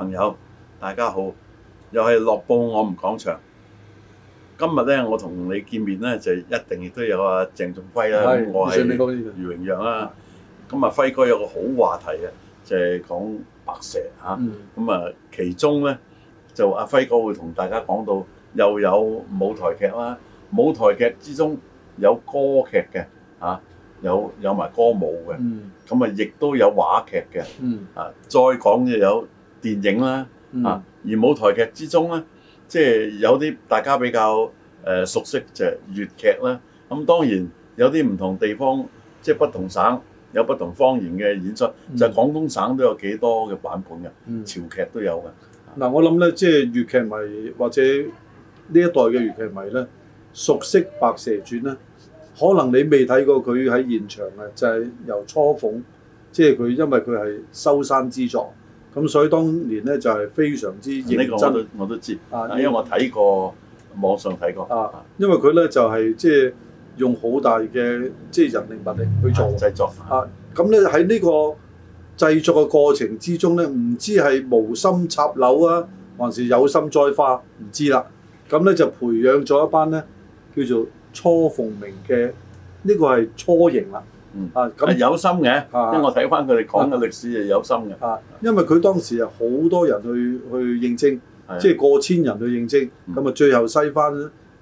朋友，大家好，又係樂報我唔講場。今日咧，我同你見面咧，就一定亦都有阿、啊、鄭仲輝啦、啊。我係余榮陽啦。咁啊，輝哥有個好話題嘅、啊，就係、是、講白蛇嚇、啊。咁、嗯、啊，其中咧就阿、啊、輝哥會同大家講到又有舞台劇啦、啊。舞台劇之中有歌劇嘅嚇、啊，有有埋歌舞嘅。咁、嗯、啊，亦都有話劇嘅、啊。啊、嗯，再講就有。電影啦，啊、嗯，而舞台劇之中咧，即係有啲大家比較誒熟悉就係粵劇啦。咁當然有啲唔同地方，即係不同省有不同方言嘅演出，就係廣東省都有幾多嘅版本嘅、嗯，潮劇都有嘅。嗱、嗯，我諗咧，即係粵劇迷或者呢一代嘅粵劇迷咧，熟悉《白蛇傳》咧，可能你未睇過佢喺現場呀，就係由初鳳，即係佢因為佢係收山之作。咁所以當年咧就係、是、非常之認真，這個、我，都我都知都知、啊，因為我睇過網上睇過、啊。因為佢咧就係、是、即係用好大嘅即係人力物力去做製、啊、作。啊，咁咧喺呢個製作嘅過程之中咧，唔知係無心插柳啊，還是有心栽花，唔知啦。咁咧就培養咗一班咧叫做初鳳鳴嘅呢個係初型啦。嗯啊咁有心嘅、啊，因為我睇翻佢哋講嘅歷史係有心嘅。啊，啊，因為佢當時啊好多人去去應徵，即係、啊就是、過千人去應徵，咁啊最後篩翻，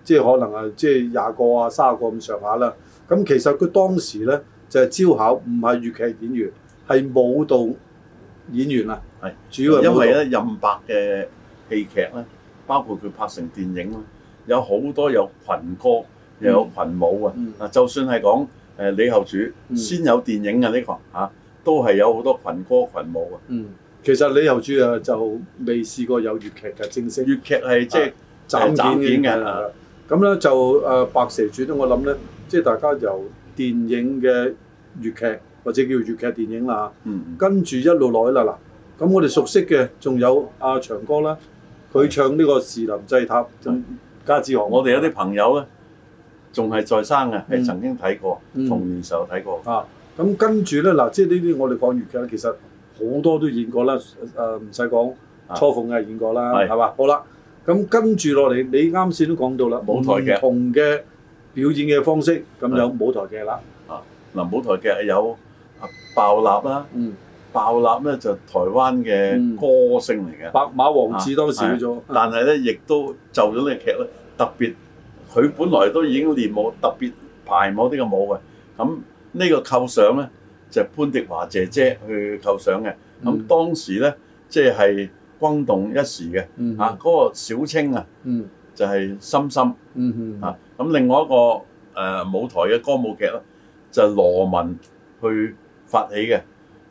即、就、係、是、可能啊即係廿個啊三十個咁上下啦。咁其實佢當時咧就係、是、招考唔係粵劇演員，係舞蹈演員啊。係主要係因為咧任白嘅戲劇咧，包括佢拍成電影咧，有好多有群歌又有群舞啊。啊、嗯，就算係講。誒李後主、嗯、先有電影嘅呢、這個嚇、啊，都係有好多群歌群舞嘅、嗯。其實李後主啊就未試過有粵劇嘅正式。粵劇係即係展展演嘅。咁咧就誒、啊《白蛇傳》咧，我諗咧即係大家由電影嘅粵劇或者叫粵劇電影啦嚇、嗯，跟住一路落去啦嗱。咁我哋熟悉嘅仲有阿、啊、長哥啦，佢唱呢、這個《士林祭塔》。家志學，我哋有啲朋友咧。仲係在生嘅，係、嗯、曾經睇過童年、嗯、時候睇過啊！咁跟住咧嗱，即係呢啲我哋講粵劇咧，其實好多都演過啦。誒唔使講初鳳藝演過啦，係、啊、嘛？好啦，咁跟住落嚟，你啱先都講到啦，舞台劇唔同嘅表演嘅方式咁有舞台劇啦。啊嗱、啊啊，舞台劇有爆立啦、啊，爆立咧就台灣嘅歌星嚟嘅、啊，白馬王子當時咗、啊啊，但係咧亦都就咗呢個劇咧特別。佢本來都已經練舞，特別排舞啲嘅舞嘅。咁呢個構想咧就係、潘迪華姐姐去構想嘅。咁當時咧即係轟動一時嘅。嚇、嗯，嗰、嗰個小青啊，嗯、就係心心。嚇、嗯，咁、啊、另外一個誒、呃、舞台嘅歌舞劇咧、啊、就係、羅文去發起嘅。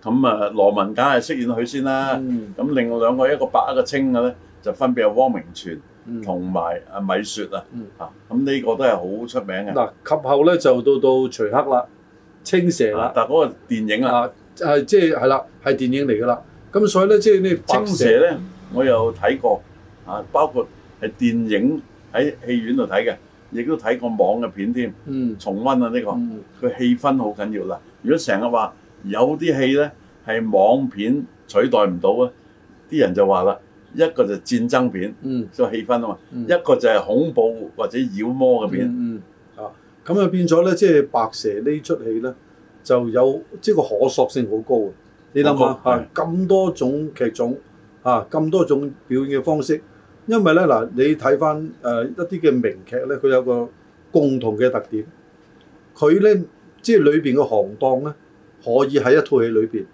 咁啊，羅文梗係飾演佢先啦。咁、嗯、另外兩個一個白一個青嘅咧就分別係汪明荃，同埋阿米雪、嗯、啊，嚇咁呢個都係好出名嘅。嗱、啊，及後咧就到到徐克啦，《青蛇了》啦、啊，但嗰個電影啊，係即係係啦，係、就是、電影嚟㗎啦。咁所以咧，即係呢《就是、青蛇》咧，我又睇過啊，包括係電影喺戲院度睇嘅，亦都睇過網嘅片添，重温啊呢個。佢、這、氣、個、氛好緊要啦，如果成日話有啲戲咧係網片取代唔到啊，啲人就話啦。一個就係戰爭片，個、嗯、氣氛啊嘛、嗯；一個就係恐怖或者妖魔嘅片啊。咁、嗯嗯、就變咗咧，即、就、係、是、白蛇呢出戲咧，就有即係個可塑性好高，你諗下啊，咁多種劇種啊，咁多種表演嘅方式。因為咧嗱，你睇翻誒一啲嘅名劇咧，佢有個共同嘅特點，佢咧即係裏邊嘅行當咧，可以喺一套戲裏邊，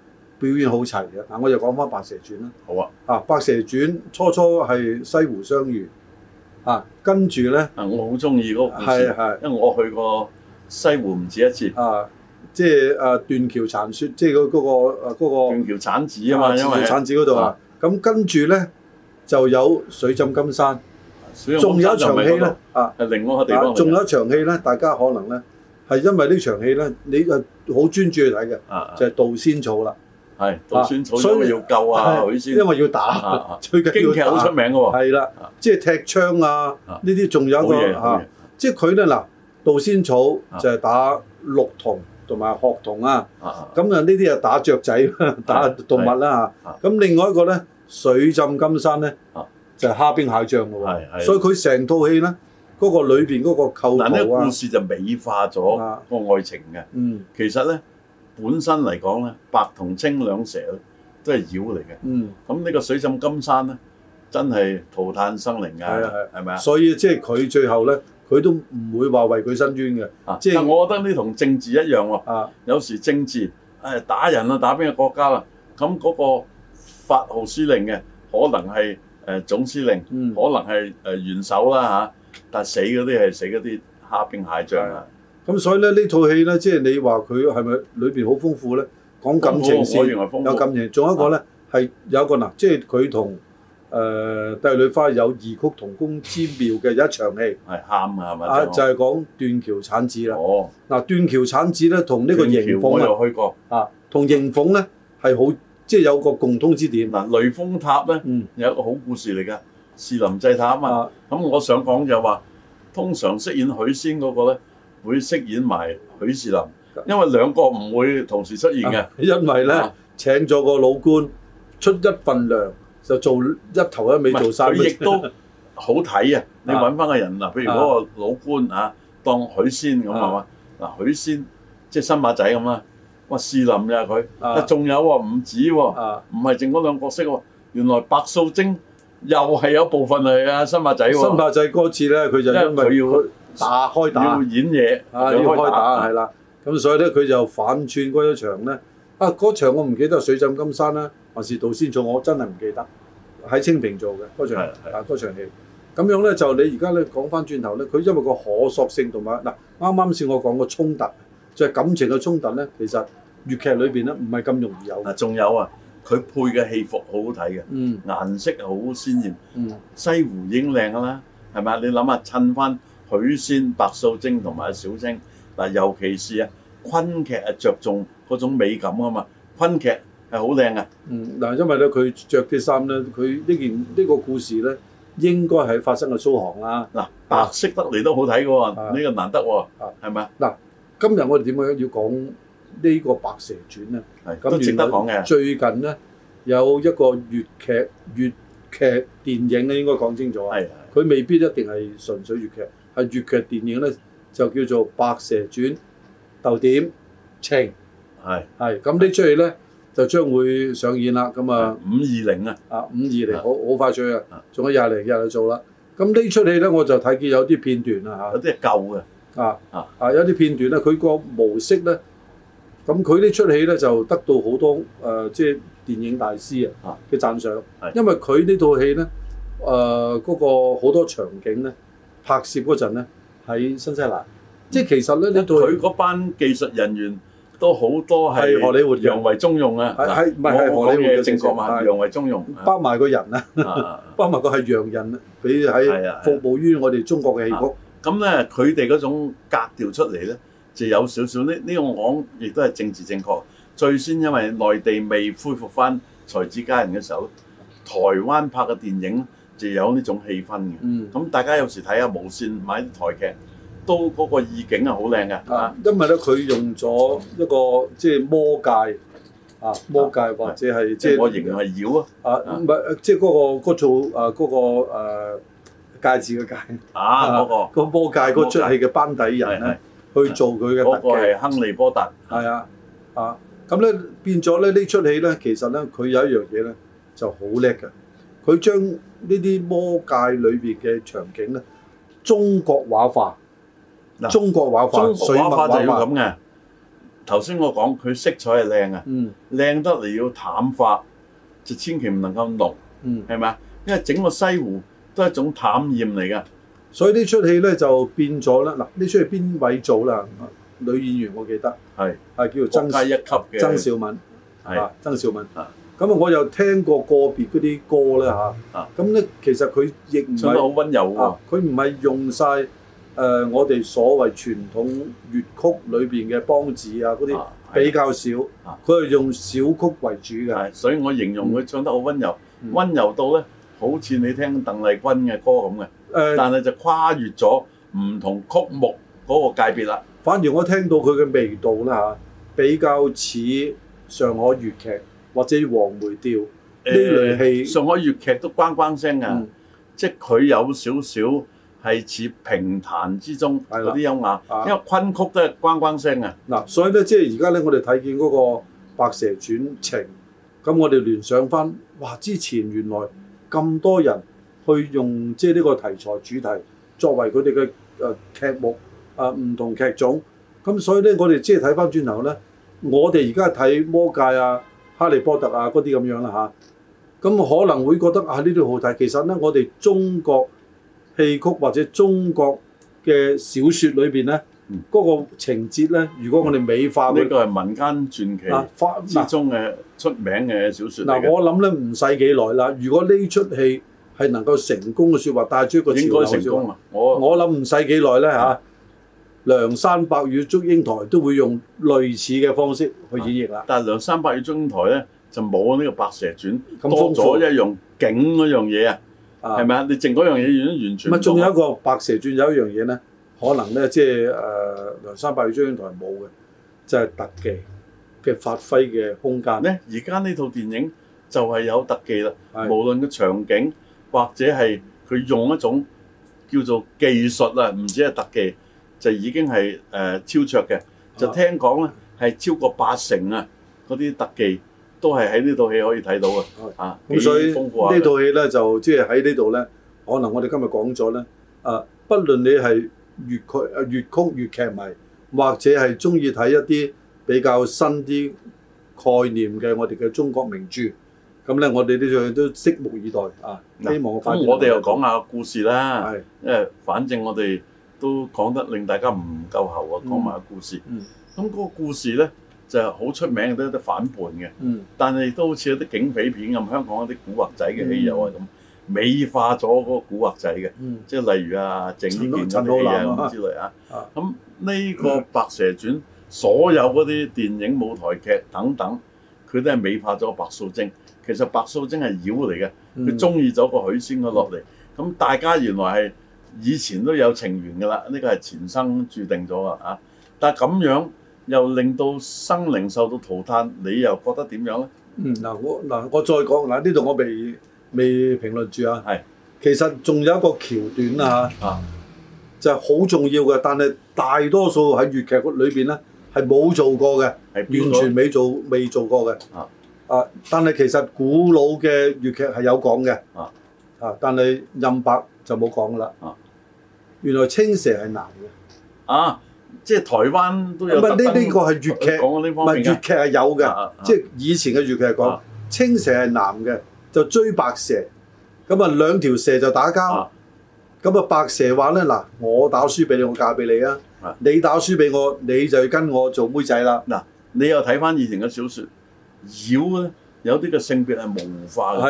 表演好齊嘅，嗱，我就講翻《白蛇傳》啦。好啊，啊，《白蛇傳》初初係西湖相遇，啊，跟住咧，我好中意嗰個故事，因為我去過西湖唔止一次。啊，即係啊，斷橋殘雪，即係嗰嗰個啊，嗰、嗰個斷、嗰個、橋產子嘛，因為啊，產子嗰度啊。咁、啊、跟住咧就有水浸金山，仲有一場戲咧啊、嗰個，啊，仲有、啊、有一場戲咧，大家可能咧係因為呢場戲咧，你係好專注去睇嘅，就係、係、盜仙草啦。係盜仙草要救啊好，因為要打，啊、最近嘅好出名嘅喎，係啦、啊啊，即係踢槍啊，呢啲仲有一個，即係佢咧嗱，盜仙草就係打鹿童同埋鶴童啊，咁啊呢啲啊打雀仔，打動物啦、啊、嚇，咁、啊啊、另外一個咧水浸金山咧、啊、就係蝦兵蟹將嘅喎，所以佢成套戲咧嗰、那個裏面嗰個構圖、啊、個故事就美化咗個愛情嘅、啊嗯，其實咧。本身嚟講咧，白同青兩蛇咧都係妖嚟嘅。嗯，咁呢個水浸金山咧，真係塗炭生靈啊，係咪啊？所以即係佢最後咧，佢都唔會話為佢伸冤嘅。即、啊、係、就是、我覺得呢同政治一樣喎、哦。啊，有時政治誒、哎、打人啦，打邊個國家啦？咁嗰個發號施令嘅可能係誒、呃、總司令，嗯、可能係誒元首啦吓、啊，但係死嗰啲係死嗰啲蝦兵蟹將啊！嗯咁所以咧，呢套戲咧，即係你話佢係咪裏面好豐富咧？講感情線、嗯，有感情。仲有一個咧，係、啊、有一個嗱，即係佢同誒帝女花有異曲同工之妙嘅一場戲。係喊嘅係咪？啊，就係、是、講斷橋產子啦。哦，嗱、啊，斷橋產子咧，同呢個迎鳳又去過啊，同迎鳳咧係好即係有個共通之點。嗱、啊，雷峰塔咧，嗯，有一個好故事嚟㗎，士、嗯、林祭塔啊嘛。咁、啊、我想講就話、是，通常飾演許仙嗰個咧。會飾演埋許仕林，因為兩個唔會同時出現嘅、啊。因為咧、啊、請咗個老官、啊、出一份糧，就做一頭一尾做晒。佢亦都好睇啊，啊！你揾翻個人嗱、啊，譬如嗰個老官嚇、啊啊、當許仙咁係嘛？嗱、啊啊，許仙即係新馬仔咁啦。哇，士林你係佢仲有喎、啊，唔止喎、啊，唔係淨嗰兩角色喎、啊。原來白素貞又係有部分嚟啊，新馬仔喎。新馬仔嗰次咧，佢就因為佢要。打開打要演嘢啊！要開打係啦，咁、啊、所以咧佢就反串嗰場咧啊！嗰場我唔記得水浸金山啦、啊啊啊啊啊啊啊啊啊，還是盜仙草？我真係唔記得喺《清平》做嘅嗰場啊，嗰場戲咁樣咧就你而家咧講翻轉頭咧，佢因為個可塑性同埋嗱，啱啱先我講個衝突，就係感情嘅衝突咧，其實粵劇裏面咧唔係咁容易有嗱，仲有啊，佢配嘅戲服好好睇嘅，嗯，顏色好鮮豔，嗯，西湖已經靚噶啦，係咪？你諗下襯翻。許仙、白素貞同埋小青嗱，尤其是啊昆劇啊着重嗰種美感啊嘛，昆劇係好靚啊，嗯嗱，因為咧佢着啲衫咧，佢呢件呢、嗯呢個故事咧應該係發生喺蘇杭啦、啊，嗱、啊、白色得嚟都好睇嘅喎，呢、啊這個難得喎，係咪啊？嗱、啊啊，今日我哋點解要講呢個《白蛇傳》呢咧？係都值得講嘅。最近咧有一個粵劇、粵劇電影咧，應該講清楚啊。係，佢未必一定係純粹粵劇。係粵劇電影咧，就叫做《白蛇傳》、《豆點情》，係係咁，呢出戲咧，就將會上演啦。咁啊，五二零啊，啊五二零，好好快脆啊，仲有廿零日就做啦。咁呢出戲咧，我就睇見有啲片段啊嚇，有啲係舊嘅啊啊，啊，有啲片段咧，佢個模式咧，咁佢呢出戲咧就得到好多誒、呃，即係電影大師啊嘅讚賞，因為佢呢套戲咧，誒、呃、嗰、那個好多場景咧。拍攝嗰陣咧，喺新西蘭，即係其實咧，佢、嗯、嗰班技術人員都好多係荷里活洋為中用啊！係係唔係荷里活嘅正確嘛？洋為中用，包埋個人啊，啊 包埋個係洋人、啊，佢喺、啊、服務於我哋中國嘅戲曲。咁咧、啊，佢哋嗰種格調出嚟咧，就有少少呢呢、呢個我講，亦都係政治正確。最先因為內地未恢復翻才子佳人嘅時候，台灣拍嘅電影。就有呢種氣氛嘅，咁、嗯、大家有時睇下無線買啲台劇，都嗰個意境係啊，好靚嘅。因為咧，佢用咗一個即係、即係、魔戒，啊，魔戒或者係即係我形容係妖啊。啊，唔係即係嗰個嗰套、嗰個嗰個、啊嗰個戒指嘅戒啊，嗰、嗰個、啊嗰個、魔戒，嗰出戲嘅班底人咧去做佢嘅特技。嗰、嗰個係《亨利波特》。係啊啊！咁、啊、咧變咗咧呢出戲咧，其實咧佢有一樣嘢咧就好叻嘅。佢將呢啲魔界裏邊嘅場景咧，中國畫法，中國畫法，水墨畫就係要咁嘅。頭、嗯、先我講佢色彩係靚啊，靚、嗯、得嚟要淡化，就千祈唔能夠濃，係、嗯、咪？因為整個西湖都係一種淡豔嚟嘅，所以呢出戲咧就變咗啦。嗱，呢出戲邊位做啦？女演員我記得係係、啊、叫做國家一級嘅曾小敏，啊曾小敏啊。咁我又聽過個別嗰啲歌咧嚇，咁、啊、咧其實佢亦唔係唱得好溫柔，佢唔係用晒誒、呃、我哋所謂傳統粵曲裏邊嘅梆子啊嗰啲、啊、比較少，佢、啊、係用小曲為主嘅，所以我形容佢唱得好溫柔、嗯嗯，溫柔到咧好似你聽鄧麗君嘅歌咁嘅。誒、啊，但係就跨越咗唔同曲目嗰個界別啦。反而我聽到佢嘅味道咧嚇、啊，比較似上海粵劇。或者黃梅調呢、欸、類戲，上海粵劇都關關聲啊、嗯！即佢有少少係似平壇之中嗰啲音樂，因為昆曲都係關關聲啊！嗱、啊，所以咧，即係而家咧，我哋睇見嗰個《白蛇傳情》，咁我哋聯想翻，哇！之前原來咁多人去用即呢個題材主題作為佢哋嘅劇目啊，唔、呃、同劇種。咁所以咧，我哋即係睇翻轉頭咧，我哋而家睇魔界啊！哈利波特啊，嗰啲咁樣啦嚇，咁可能會覺得啊，呢套好睇。其實咧，我哋中國戲曲或者中國嘅小說裏邊咧，嗰個情節咧，如果我哋美化，呢個係民間傳奇之中嘅出名嘅小說。嗱，我諗咧唔使幾耐啦。如果呢出戲係能夠成功嘅說話，帶出一個潮流先，應該成功啊，我我諗唔使幾耐咧嚇。梁山伯與祝英台都會用類似嘅方式去演繹啦、啊。但係梁山伯與祝英台咧就冇呢個《白蛇傳》，多咗一樣景嗰樣嘢啊，係咪啊？你淨嗰樣嘢已經完全唔。咁、嗯、仲有一個《白蛇傳》有一樣嘢咧，可能咧即係誒、呃《梁山伯與祝英台沒有》冇嘅，即係特技嘅發揮嘅空間咧。而家呢套電影就係有特技啦，無論個場景或者係佢用一種叫做技術啊，唔止係特技。就已經係誒超卓嘅，就聽講咧係超過八成啊，嗰啲特技都係喺呢套戲可以睇到嘅。啊，咁所以呢套戲咧就即係喺呢度咧，可能我哋今日講咗咧，啊，不論你係粵曲啊、粵曲粵劇迷，或者係中意睇一啲比較新啲概念嘅我哋嘅中國名著，咁咧我哋呢度都拭目以待啊！希望反我哋又講下個故事啦，因為反正我哋。都講得令大家唔夠喉啊！講埋個故事，咁、嗯、嗰、嗯那個故事呢就好出名都有啲反叛嘅、嗯，但係都好似有啲警匪片咁，香港一啲古惑仔嘅戲友啊咁美化咗嗰個古惑仔嘅、嗯，即係例如啊鄭伊健嘅戲啊之類啊。咁、啊、呢、啊啊啊嗯這個《白蛇傳》所有嗰啲電影、舞台劇等等，佢都係美化咗白素貞。其實白素貞係妖嚟嘅，佢中意咗個許仙佢落嚟。咁、嗯嗯、大家原來係。以前都有情緣㗎啦，呢、這個係前生注定咗啊！嚇，但係咁樣又令到生靈受到塗炭，你又覺得點樣呢？嗯，嗱、嗯，我嗱，我再講嗱，呢度我未未評論住啊。係，其實仲有一個橋段啊嚇、啊，就係、是、好重要嘅，但係大多數喺粵劇裏邊呢，係冇做過嘅，完全未做未做過嘅。啊啊！但係其實古老嘅粵劇係有講嘅。啊啊！但係任白就冇講㗎啦。啊原來青蛇係男嘅，啊，即係台灣都有。唔係呢呢個係粵劇，唔係粵劇係有嘅、啊啊，即係以前嘅粵劇係講、啊、青蛇係男嘅，就追白蛇，咁啊兩條蛇就打交，咁啊白蛇話咧嗱，我打輸俾你，我嫁俾你啊，你打輸俾我，你就要跟我做妹仔啦。嗱、啊，你又睇翻以前嘅小説妖咧、啊。有啲個性別係模糊化嘅，係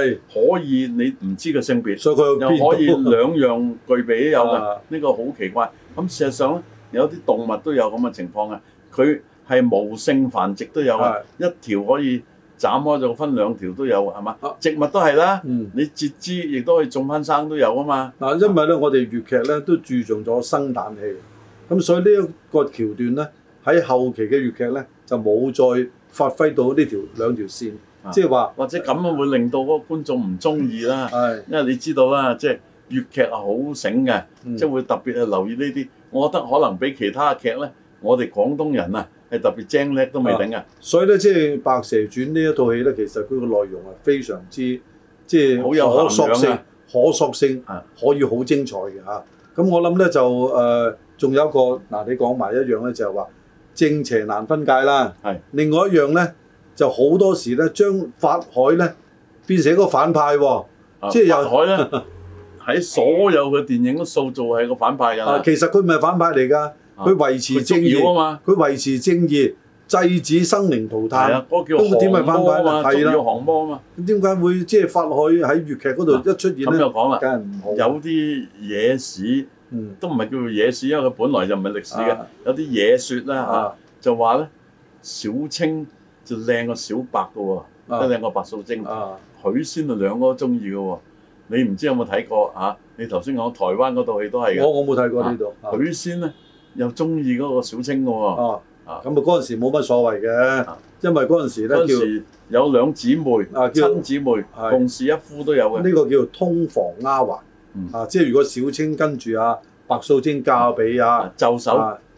可以你唔知個性別，所以佢又可以兩樣具備都有嘅，呢、 呢個好奇怪。咁事實上咧，有啲動物都有咁嘅情況嘅，佢係無性繁殖都有嘅，一條可以斬開就分兩條都有，係嘛？植物都係啦，你截枝亦都可以種翻生都有啊嘛。嗱，因為咧，我哋粵劇咧都注重咗生旦戲，咁所以呢個橋段咧喺後期嘅粵劇咧就冇再發揮到呢條兩條線。即係話，或者咁樣會令到嗰個觀眾唔中意啦。係，因為你知道啦，即、就、係、是、粵劇係好醒嘅，即、嗯、係會特別係留意呢啲。我覺得可能比其他劇咧，我哋廣東人啊係特別精叻都未定嘅。所以咧，即係《白蛇傳》這一呢一套戲咧，其實佢個內容係非常之即係好有可塑性蠻蠻，可塑性，可以好精彩嘅嚇。咁、啊、我諗咧就誒，仲、呃、有一個嗱、啊，你講埋一樣咧，就係、是、話正邪難分界啦。係，另外一樣咧。就好多時咧，將法海咧變成一個反派喎，即係又喺所有嘅電影都塑造係個反派。啊，其實佢唔係反派嚟㗎，佢、啊、維持正義，佢啊嘛，佢維持正義，維持正義啊，制止生靈塗炭。係啊，嗰、嗰個叫降魔，捉妖降魔啊嘛。咁點解會即係、就是、法海喺粵劇嗰度一出現咧？咁、啊、就講啦，有啲野史，嗯、都唔係叫做野史，因為佢本來就唔係歷史嘅、啊。有啲野說啦嚇，就話咧小青。就靚個小白噶喎，得、啊、兩個白素貞、啊，許仙啊兩個都中意嘅喎。你唔知道有冇睇過嚇、啊？你頭先講台灣嗰套戲都係我我冇睇過呢度、啊啊。許仙咧又中意嗰個小青嘅喎。啊，咁啊嗰陣、啊、時冇乜所謂嘅、啊，因為嗰陣時咧叫有兩姊妹，啊、親姊妹共事、啊、一夫都有嘅。呢個叫通房丫鬟、嗯、啊，即係如果小青跟住啊白素貞嫁俾啊，啊，啊，啊，啊，啊，、哎、啊，就手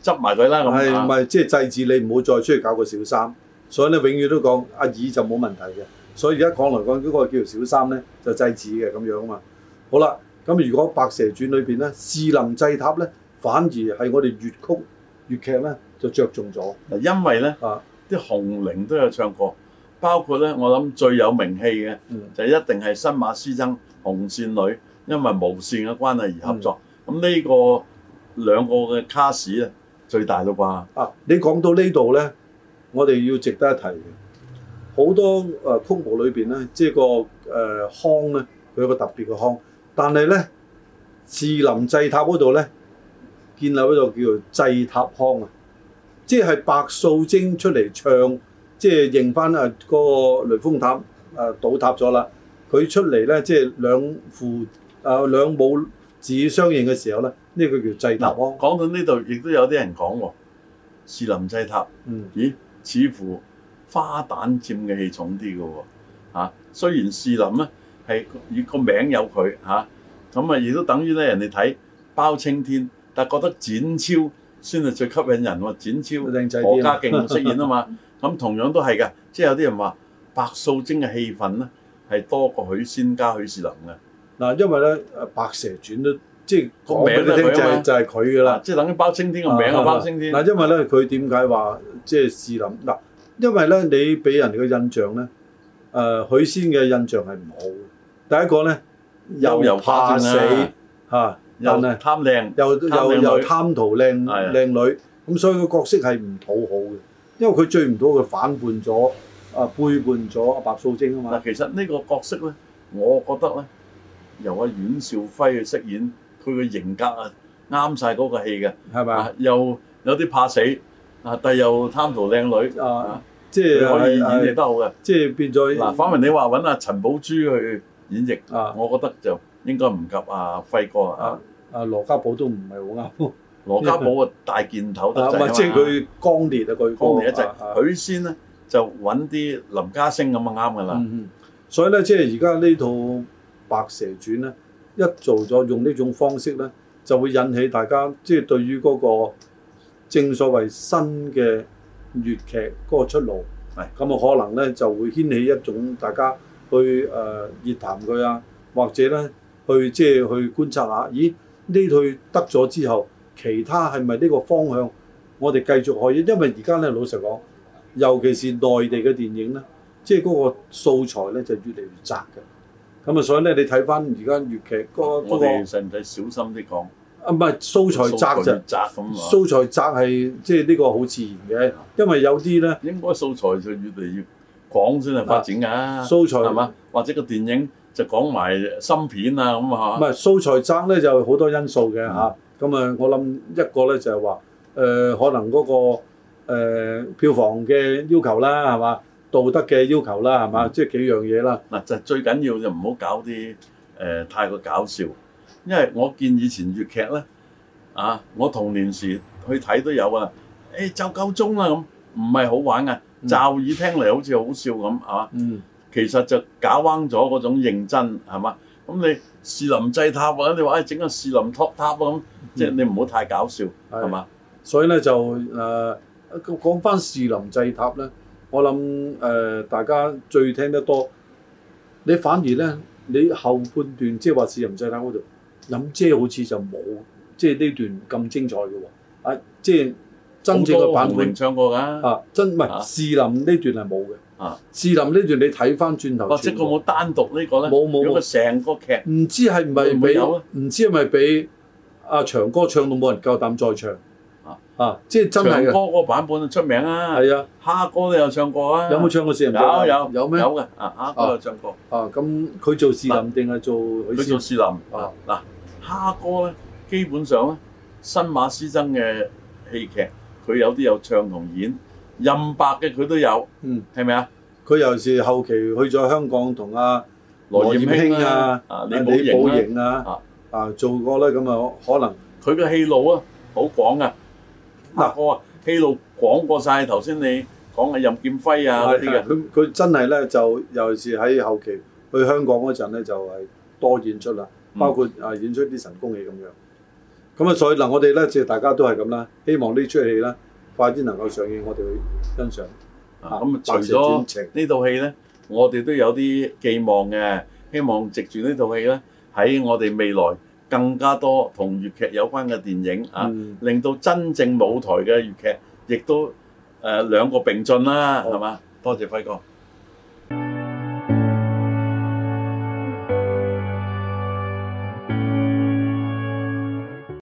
執埋佢啦。咁係唔係即係制止你唔好再出去搞個小三？所以咧，永遠都講阿二就冇問題嘅。所以而家講來講，嗰、那個叫做小三呢，就制止嘅咁樣啊嘛。好啦，咁如果白蛇傳裏邊呢，仕林祭塔呢，反而係我哋粵曲粵劇呢，就着重咗。嗱，因為呢啊，啲紅伶都有唱過，包括呢我諗最有名氣嘅、嗯、就一定係新馬師曾紅線女，因為無線嘅關係而合作。咁、嗯、呢個兩個嘅卡士咧最大嘅啩？啊，你講到呢度呢。我哋要值得一提嘅，好多誒曲目裏邊咧，即係個誒腔咧，佢、呃、有個特別嘅腔。但係咧，士林祭塔嗰度咧，建立嗰度叫做祭塔腔啊！即係白素貞出嚟唱，即係認返啊嗰個雷峰塔啊倒塌咗啦。佢出嚟咧，即係兩父啊兩母子相認嘅時候咧，呢、這個叫做祭塔腔、啊。講到呢度，亦都有啲人講喎，士林祭塔，嗯，咦？似乎花旦佔嘅戲重啲嘅喎嚇，雖然士林咧係以個名有佢嚇，咁啊亦、啊、都等於咧人哋睇包青天，但覺得展昭先係最吸引人，展昭何、啊、家勁飾演啊嘛，咁 同樣都係嘅，即係有啲人話白素貞嘅戲份咧係多過許仙加許士林嘅嗱，因為咧白蛇傳都。即個名你聽，就係就係佢噶啦，即係等於包青天個名啊！包青天嗱，因為咧，佢點解話即係試諗嗱？因為咧，你俾人哋嘅印象咧，誒許仙嘅印象係唔好。第一個咧，又又怕死嚇，人啊貪靚，又又又貪圖靚靚女，咁所以個角色係唔討好嘅。因為佢追唔到，佢反叛咗啊，背叛咗阿白素貞啊嘛。嗱，其實呢個角色咧，我覺得咧，由阿阮兆輝去飾演。佢個型格啊啱晒嗰個戲嘅，係咪、啊？又有啲怕死啊，但又貪圖靚女啊，即係、啊、可以演繹都好嘅、啊。即係變咗嗱，反為你話揾阿陳寶珠去演繹，啊、我覺得就應該唔及阿、啊、輝哥啊。阿、啊啊、羅家寶都唔係好啱。羅家寶啊，大件頭得滯，即係佢光烈啊，佢光烈一隻。許仙咧就揾啲林家聲咁啊啱㗎啦。所以咧，即係而家呢套《白蛇傳》呢咧。一做咗用呢種方式呢，就會引起大家即係、就是、對於嗰個正所謂新嘅粵劇嗰、那個出路，咁啊，可能呢就會掀起一種大家去誒、呃、熱談佢啊，或者呢去即係、就是、去觀察下，咦呢套得咗之後，其他係咪呢個方向，我哋繼續可以？因為而家呢，老實講，尤其是內地嘅電影呢，即係嗰個素材呢，就越嚟越窄嘅。咁啊，所以咧，你睇翻而家粵劇嗰嗰個，我哋使唔使小心啲講？啊，唔係素材窄就窄咁啊，素材，素材、就是、窄係即係呢個好自然嘅，因為有啲咧，應該素材就越嚟越廣先係發展噶、啊，素材係嘛？或者個電影就講埋新片啊咁啊嚇。唔係素材窄咧，就好、是、多因素嘅嚇。咁啊，我諗一個咧就係話，誒、呃、可能嗰、那個、呃、票房嘅要求啦，係嘛？道德嘅要求啦，係嘛、嗯？即係幾樣嘢啦。嗱，就最緊要就唔好搞啲誒、太過搞笑，因為我見以前粵劇咧，啊，我童年時去睇都有噶。誒、欸，就夠鐘啦咁，唔係好玩啊。驟、嗯、耳聽嚟好似好笑咁，係嘛？嗯、啊，其實就搞彎咗嗰種認真，係嘛？咁你士林祭塔或者你話誒整個士林托塔咁，即、嗯、係、就是、你唔好太搞笑，係、嗯、嘛？所以咧就誒、呃、講翻士林祭塔咧。我諗、呃、大家最聽得多，你反而咧，你後半段即係話仕林祭塔嗰度飲遮好似就冇，即係呢段咁精彩嘅喎。啊，即係真正嘅版本唱過㗎、啊。啊，真唔係仕林呢段係冇嘅。啊，仕林呢段你睇翻轉頭。或者佢冇單獨呢個咧？冇冇冇。成個劇唔知係唔係俾唔知係咪俾阿長哥唱到冇人夠膽再唱？啊！即係真係歌嗰個版本出名啊，係啊，蝦哥都有唱過啊。有冇唱過仕林？有有有咩？有嘅啊！蝦哥有唱過，有有有有唱過啊。咁、啊、佢、啊、做仕林定係做？佢做仕林啊。嗱，蝦、啊啊、哥咧，基本上咧，新馬師曾嘅戲劇，佢有啲有唱同演，任白嘅佢都有。嗯，係咪啊？佢尤其是後期去咗香港和、啊，同阿羅艷卿啊、卿啊啊李啊啊李寶瑩啊啊、啊做過啦。咁啊，可能佢嘅戲路啊，好廣啊。嗱、啊，我、哦、啊戲路講過晒，頭先你講嘅任劍輝啊啲嘅，佢佢真係咧就尤其是喺後期去香港嗰陣咧，就係多演出啦、嗯，包括啊演出啲神功戲咁樣。咁啊，所以嗱，我哋咧即係大家都係咁啦，希望呢出戲咧快啲能夠上映，我哋去欣賞。啊，咁、嗯、啊，除咗呢套戲咧，我哋都有啲寄望嘅，希望藉住呢套戲咧喺我哋未來，更加多同粵劇有關嘅電影、嗯、啊，令到真正舞台嘅粵劇亦都兩、呃、兩個並進啦，係嘛？多謝輝哥。